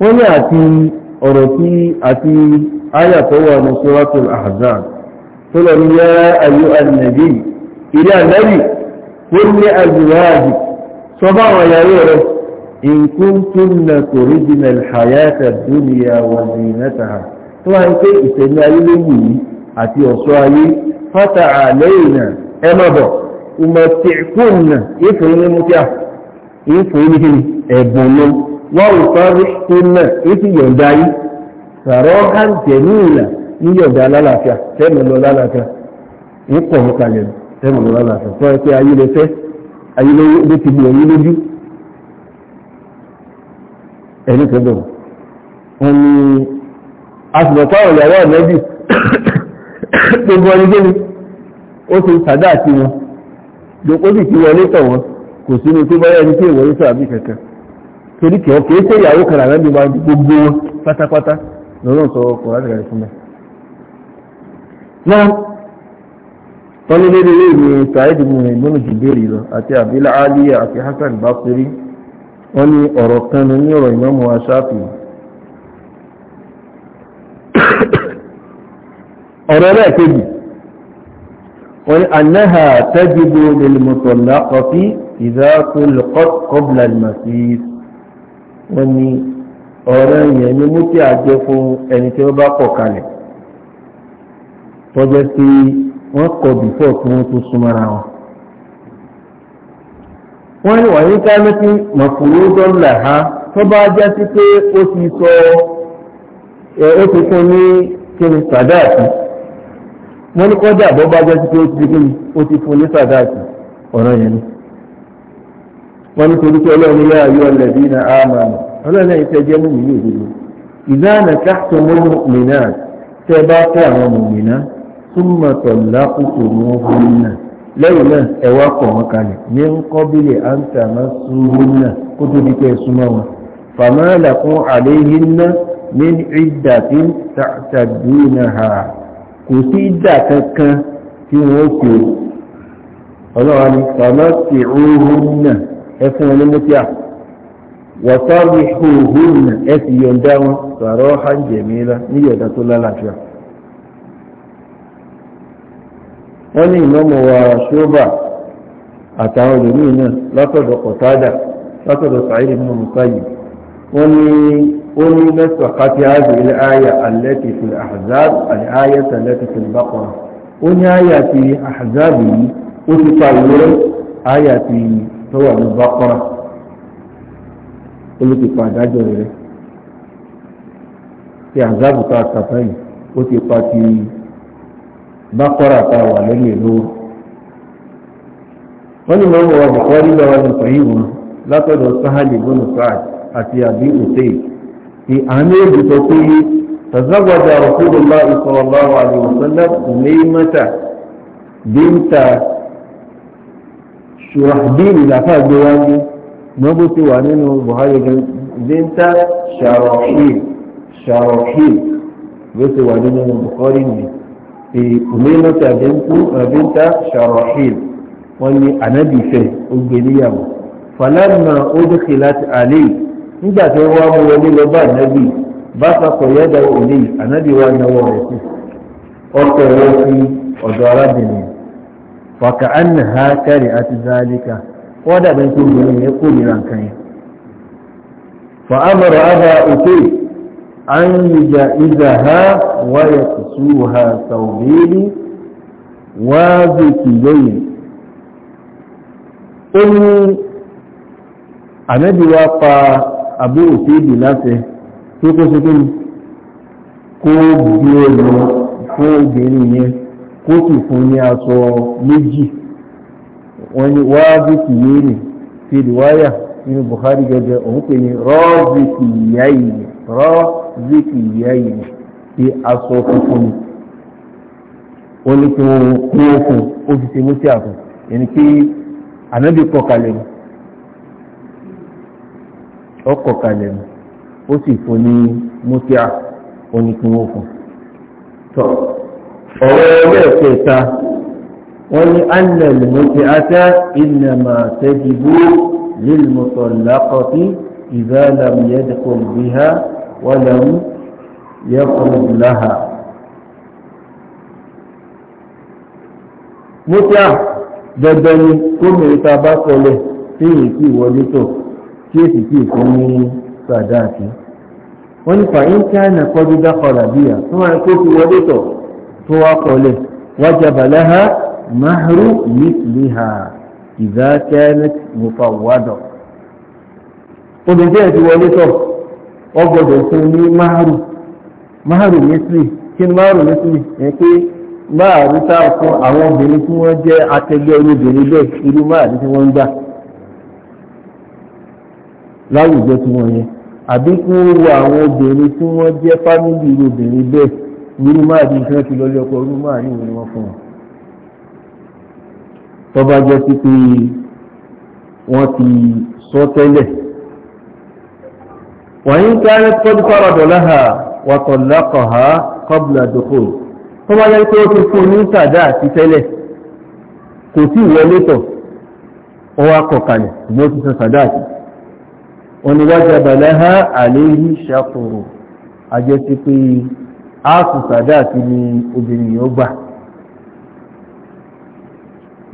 wọ́n ní àti ọ̀rọ̀ tí àti ayàtọ̀wọ̀ ní suratul ahzab tó lọ ní yá ayú annabi ilé annabi wọ́n ní azwaji sọ bá wọn yàrí rẹ̀ in kuntunna turidna al-hayata ad-dunya wa zinataha tó wá ń pé ìṣẹ̀lẹ̀ ayé ní mú wọ́n ò sọ rí súnà èsì yọ̀ǹda yìí ràrọ̀ hàǹtẹ̀ ní ìlà ní yọ̀ǹda lálàáfíà tẹ́mù lọ lálàáfíà ń pọ̀ ń kalẹ̀ tẹ́mù lọ lálàáfíà sọ pé ayé lè fẹ́ ayé ló ti gbìyànjú lójú ẹni tó dùn wọn ni asùnmọ̀tọ́ ìyàwó ọ̀nẹ́bì gbogbo ọdún gbé ni ó ti sàdá àti wọn lókòsì ti wọlé tọ̀ wọn kò sínú tó bá yẹ ní tí ìwọlé tọ̀ àbí kankan torí kẹ́ ọkẹ́ ṣe ìyàwó kan àrẹ́ mi máa gbogbo pátápátá lọ́nà sọ ọkọ̀ láti rẹ̀ fún mi. náà tọ́lú lédè lè ní saheed muhammed múnú jùbẹ́rì lọ àti abdul aliya àti hasan basiri wọ́n ní ọ̀rọ̀ kan ní ọ̀rọ̀ ìmọ̀mù aṣáàfì ọ̀rọ̀ ẹlẹ́ẹ̀kejì wọ́n ní anáhà tẹ́jú bó lè mọ̀tọ̀lá ọ̀fí ìdá lọ́kọ́ kọ́bùlà ìmọ̀síìsì wọ́n ní ọ̀rọ̀ yẹn ni mú kí àjẹ fún ẹni tí wọ́n bá kọ̀ kalẹ̀ tọ́jẹ́ sí wọ́n kọ̀ kí wọ́n tó wọn wọ́n ní wàyí ha tó bá jẹ́ sí sọ ó ti fún ní sàdáàtì wọ́n ní bọ́ bá jẹ́ sí pé ó ti fún ní sàdáàtì wọ́n ní torí pé ọlọ́run yá ayọ́ ọlẹ́bí na àmà ọlọ́run yìí tẹ́ jẹ́ múmi ní òdodo ìdáàna káàtó mọ́mú mìíràn tẹ́ bá tẹ́ àwọn mòmìnà súnmọ́ tọ̀lá kókò wọn fún náà lẹ́yìn náà ẹ kọ̀ wọ́n kalẹ̀ ní ń kọ́ bílẹ̀ àǹtà máa súnmọ́ náà kó tó ẹ súnmọ́ wọn fàmáàlà fún àléyìn náà ní ìdà tí tàdúnà ọlọ́run ni fàmáàtì ẹfún onímútíà wọ́tọ́rì hóhùn ẹ sì yọ̀ǹda wọn sọ̀rọ̀ hànjẹ̀míra ní yọ̀ǹda tó lálàáfíà wọ́n ní ìmọ̀mọ̀ wa ṣóbà àtàwọn olùmíì náà látọ̀dọ̀ ọ̀tádà látọ̀dọ̀ sàírì nínú mùsáyì wọ́n ní ó ní lẹ́sọ̀ káfí áàbì ilẹ̀ ayà alẹ́tì fi àhàzáb àti ayà tàlẹ́tì fi bákọ̀rọ̀ ó ní ayà ti àhàzáb yìí ó ti pa ìwúrẹ́ àyà ti tọ́wà ní bákọ́rà ó ló ti pa àdájọ́ rẹ̀ ti àzáàbù tá a kàtà yìí ó ti pa ti bákọ́rà tá a wà lẹ́yìn ẹ̀ lówó wọ́n ní mọ́mọ́ ní sọ̀yí wọn látọ̀dọ̀ sáhálì gbọ́nà sáà àti àbí òtẹ́yì ti àmì èdè sọ pé تزوج رسول الله صلى الله عليه وسلم أميمة بنت ṣùràdìrì làfà gbé wájú mọ́bó ti wà nínú buhari gan zinta ṣàròhìl ṣàròhìl ló ti wà nínú buhari ni ìkùnlélọ́tà zinta ṣàròhìl wọ́n ní ànábìfẹ́ ó gbé níyàwó falamma ó dókè láti àlè nígbà tí wọ́n mú wọlé lọ bá ànábì bá papọ̀ yẹ́dà òní ànábì wa náwó rẹ̀ sí ọkọ̀ rẹ̀ sí ọ̀dọ̀ arábìnrin fàkà án ha kẹrì àti zálíkà wọ́n dàbẹ̀ tó obìnrin yẹn kó nira nǹkan yẹn fa amara aba òkè an yìjà ìjà ha wáyà kùsù ha sàwùbẹ́lì wáàbì kìlẹ́yìn ó ní ànábì wá pa àbú òkè ìdì láti tó kó sí kí kó kó sì fún ní aṣọ méjì wọ́n ní wáábí kìíní fi ìwáyà nínú Bukhari gẹ́gẹ́ òun pè ní rọ́ọ̀bì kìíyáyì rọ́ọ̀bì kìíyáyì fi aṣọ funfun ni ó ní kí wọ́n kú òkun ó fi ṣe mú sí àtún ẹni kí ànábì kọ kalẹ̀ ni ó kọ kalẹ̀ ni ó sì fún ní mú sí àtún ó ní kí wọ́n kú ọ̀rọ̀ ẹgbẹ́ kẹta wọ́n ní annal muti'ata innama tajibu lil mutallaqati idha lam yadkhul biha wa lam yakhruj laha mútíà dandan ni kó mẹ́rin ta bá kọlẹ̀ tí èyí tí ìwọlé tọ̀ tí èsì tí ìfún ní sàdáàkì wọ́n ní fàyín kí kọjú dákọ̀ọ́lá bíyà tó máa kó fi wọlé tọ̀ tó kole wajabalaha wájàbà lẹ́hà máhàrú mìtìlíhà ìdá kẹ́ẹ̀mẹ́tì mọ́fà wádọ̀. obìnrin tí ẹ̀ ti wọlé tọ̀ wọ́n fún ní máhàrú máhàrú mìtìlì kí ni máhàrú mìtìlì ẹ̀ pé máàrú tá a fún àwọn obìnrin tí wọ́n jẹ́ akẹgbẹ́ olóbìnrin bẹ́ẹ̀ irú tí wọ́n ń gbà láwùjọ tí wọ́n yẹn àbí kí àwọn obìnrin tí wọ́n jẹ́ irú máàdì ìfẹ́ ti lọ́lé ọkọ̀ irú máàdì ìwé wọn fún wọn tó bá jẹ́ sí pé wọ́n ti sọ tẹ́lẹ̀ wàyí ń kárẹ́ tọ́jú fáradọ̀ láhà wàtọ̀ lákọ̀ọ́há kọ́bùlà dòkó tó bá jẹ́ pé ó ti fún ní sàdá àti tẹ́lẹ̀ kò sí ìwọlé tọ̀ ó wá kọ̀ kalẹ̀ ṣùgbọ́n ti sọ sàdá àti áàfù sàdá àti ni obìnrin yóò gbà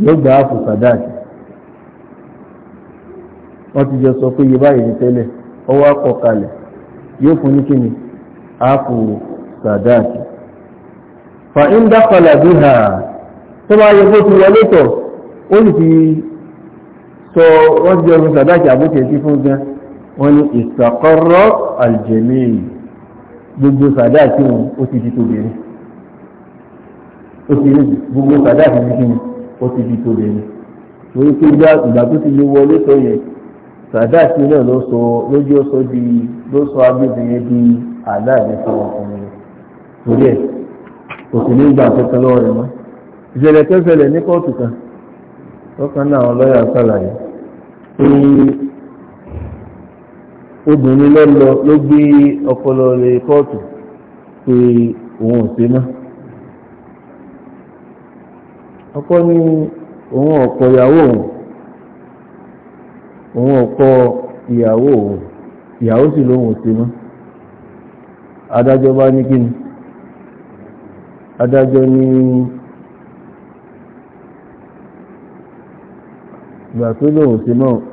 yóò gbà áàfù sàdá àti wọ́n ti jọ sọ pé iye báyìí ní tẹ́lẹ̀ ọwọ́ akọ̀ kalẹ̀ yóò fún ní kíni áàfù sàdá fa in dákọlà bí ha tó bá yẹ kó ti wọlé tọ̀ ó sì ti sọ wọ́n ti jọ sàdá àti àbótẹ́ fún gan wọ́n ní ìsàkọ́rọ́ àlùjẹ̀mí gbogbo sàdá tí òun ó ti di tóbìnrin gbogbo sàdá tí òun ó ti di tóbìnrin torí pé ìgbà tó ti wọlé tó yẹ sàdá tí náà ló sọ lójú ó di ló sọ di fún ọkùnrin torí ẹ obìnrin lọ lọ ló gbé ọpọlọ rẹ̀ kóòtù pé òun ò ṣe mọ́ ọkọ ní òun ọ̀pọ̀ ìyàwó òun òun ọ̀pọ̀ ìyàwó òun ìyàwó sì lóun ò ṣe mọ́ adájọ́ bá ní kíni adájọ́ ní ìgbà tó lóun ò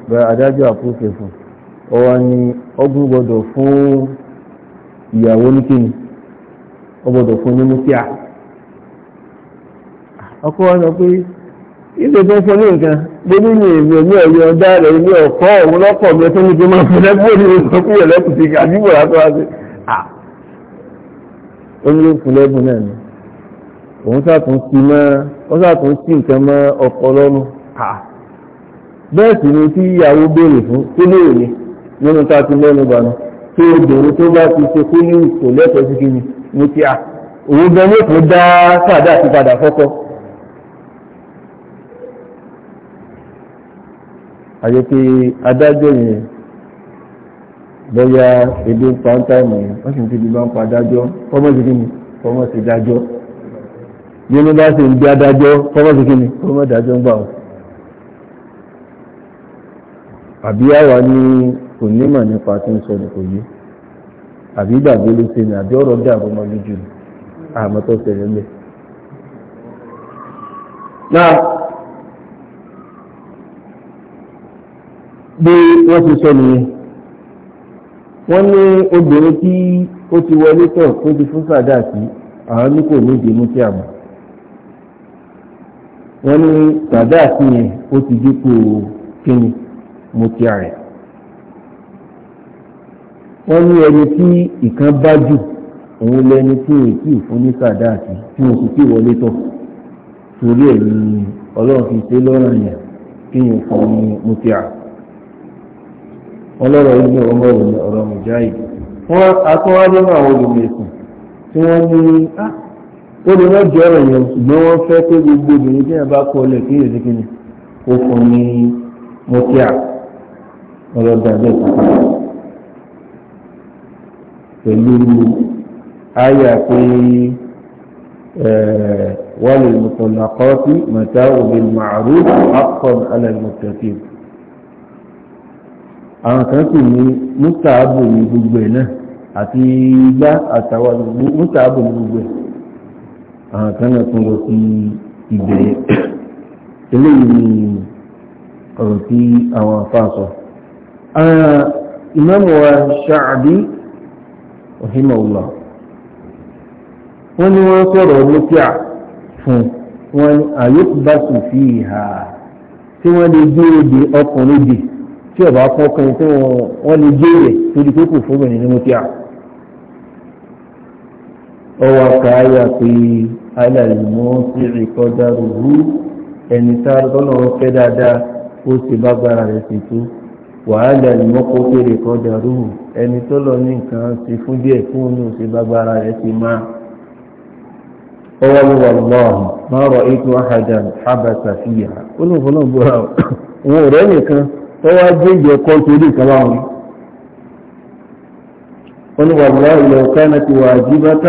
ṣe adájọ́ àpòṣe fún un ọwọ́ ni ọgbọ́n gbọ́dọ̀ fún ìyàwó ní kíni ó gbọ́dọ̀ fún ní múkíà ọkọ wa sọ pé ilé tó ń fún ní nǹkan gbogbo ní èmi ẹ̀mí ẹ̀yọ ọ̀dá rẹ̀ ilé ọ̀kọ́ òun lọ́kọ̀ mi tó ní kí máa fún lẹ́gbọ́n ní ìsọ fún ìyẹ̀lẹ́kùn sí àdúgbò látọ́ wá sí ó ní fún lẹ́gbọ́n náà ni òun sàtún sí mọ́ ó sàtún sí nǹkan mọ́ ọkọ lọ́nu bẹ́ẹ̀ sì ni tí ìyàwó béèrè fún tó léèrè nínú tá a ti lẹ́nu bàánú tí obìnrin tó bá ti ṣe kú ní ìkò lẹ́tọ̀ọ́ sí kí ni mo ti à òun gan ní kò dá sàdá àti padà fọ́kọ. àyè pé adájọ́ yẹn bóyá ebi ń pa yẹn wọ́n sì ń fi bíbá ń pa adájọ́ fọ́mọ́ kí ni fọ́mọ́ dájọ́ nínú bá sì ń bí adájọ́ fọ́mọ́ kí ni fọ́mọ́ dájọ́ ń gbà wọ́n àbí àwa kò nímọ̀ nípa tí ń sọ ní kò yé àbí ìgbàgbé ló ṣe ní àbí ọ̀rọ̀ dé àbọ̀mọ́ lójú ni àmọ́ tó lẹ̀. náà bí wọ́n ti sọ nìyẹn wọ́n ní obìnrin tí ó ti wọlé tọ̀ tó ti wọ́n ní ẹni tí ìkan bá jù òun lẹni tí èkì fún ní sàdáàtì tí wọ́n sì ti wọlé tọ̀ torí ẹ̀ ní ọlọ́run fi ṣe lọ́rọ̀ yẹn kí yẹn fún ní mutia wọ́n lọ́rọ̀ ilé ọmọ òun ní ọ̀rọ̀ mùjáì wọ́n atọ́wádé náà wọ́n lò mẹ́sàn tí wọ́n ní ah, ó lè wọ́n jẹ́ ọ̀rọ̀ yẹn ṣùgbọ́n wọ́n fẹ́ pé gbogbo obìnrin tí yẹn bá kọ́ lẹ̀ kí yẹn kí ni ó fún ní mutia ọlọ́dún àgbẹ̀ ìpàkọ́ pẹ̀lú àyà pé wàlẹ̀ mùtọ̀lákọ́tì mọ̀tá òbí màrú akọ̀n alẹ́mọ̀tẹ̀tì àwọn kan sì ní mútàábù ní gbogbo ẹ̀ náà àti igbá àtàwọn mútàábù ní gbogbo àwọn kan náà tún lọ sí ìbẹ̀rẹ̀ eléyìí ni ọ̀rọ̀ tí àwọn afáàsọ. ìmáàmù ọ̀hìnmọ̀wùlọ̀ wọ́n ní wọ́n sọ̀rọ̀ lókíà fún wọn àyókùbásù fi ìhà tí wọ́n lè gbé èdè ọkùnrin dì tí ọba fọkùnrin tí wọ́n lè gbé rẹ̀ torí pé kò fóbìnrin ní lókíà ọwọ́ àkàáyà pé alàlùmọ́ sí ìkọjá rúrú ẹni tá a lọ́nà ọ̀fẹ́ dáadáa ó sì bá gbára rẹ̀ ṣètò wàhálà ìmọ́kó kéré kan dàrú ẹni tó lọ ní nǹkan ti fún díẹ̀ fún òun ò sí bágbára rẹ̀ ti máa. ọwọ́ mi wà lọ́ọ̀hún máa rọ ètò àhàjà àbàtà fìyà ó òun ò rẹ́ nìkan tọ́wọ́ jẹ́jẹ́ kọ́ torí ìkàlá wọn. قل والله لو كانت واجبة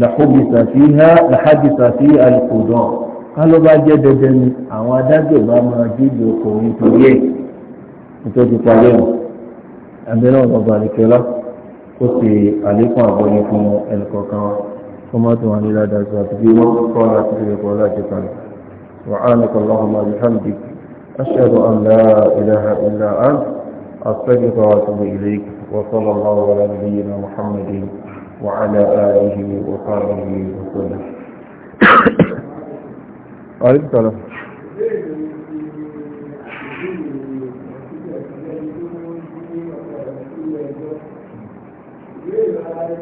لحبس فيها لحبس فيها القضاء قالوا بقى جددا أو دجوا ما جدوا قوي nítorí parí ẹ̀ ẹ̀mí náà lọ́gbà nìkẹ́lá ó ti àlékún àbọ̀yé fún ẹnìkọ̀ọ̀kan wa kó má tún wà ní ládàá sí àti bí wọ́n kọ́ láti fi ẹ̀kọ́ láti kan سبحانك اللهم وبحمدك أشهد أن لا إله إلا أنت أستغفرك وأتوب إليك وصلى الله على نبينا محمد وعلى آله وصحبه وسلم. عليكم السلام. ẹni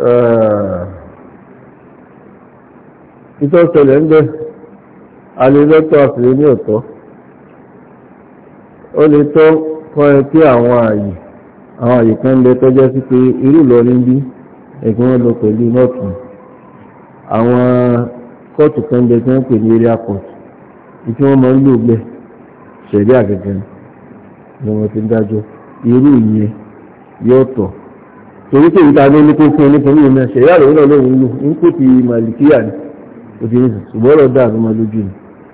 uh títọ́ ṣẹlẹ̀ ń bẹ́ alélọ́tọ́ àfìlẹ́ ní ọ̀tọ́ ó lè tọ́ kọ́ ẹ pé àwọn ààyè àwọn ààyè kan lẹ tọ́jọ́ sí pé irú lọ ní bí ẹ̀gbọ́n wọn lọ pẹ̀lú nọ́ọ̀tún àwọn kóòtù kan bẹ tí wọ́n pè ní eré akọ̀tù tí wọ́n máa ń lò gbẹ ṣẹ̀rí àgẹ̀gẹ̀ ni wọ́n ti dájọ́ irú ìyẹn yóò tọ̀ torí pé ìta ló ní kókó ní pẹ̀lú ìmọ̀ ṣẹ̀rí àlọ́ náà lóun ń kò ti màlìkíyà ni òfin ṣùgbọ́n ọ̀dà àdúmọ̀ lójú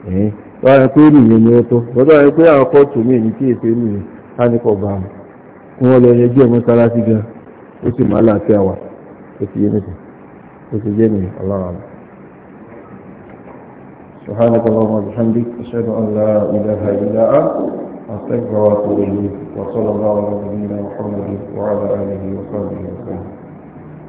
ni wọ́n rẹ̀ pé nìyẹn ni ó tó wọ́n tó rẹ̀ pé àwọn kọ́ọ̀tù mi ní kí èpè mi ká bá wọn kí wọ́n lọ yẹjú ẹ̀ mọ́sálásí gan ó sì máa àwà ó ti yé nìkan ó ti jẹ́ ọlọ́run وصلى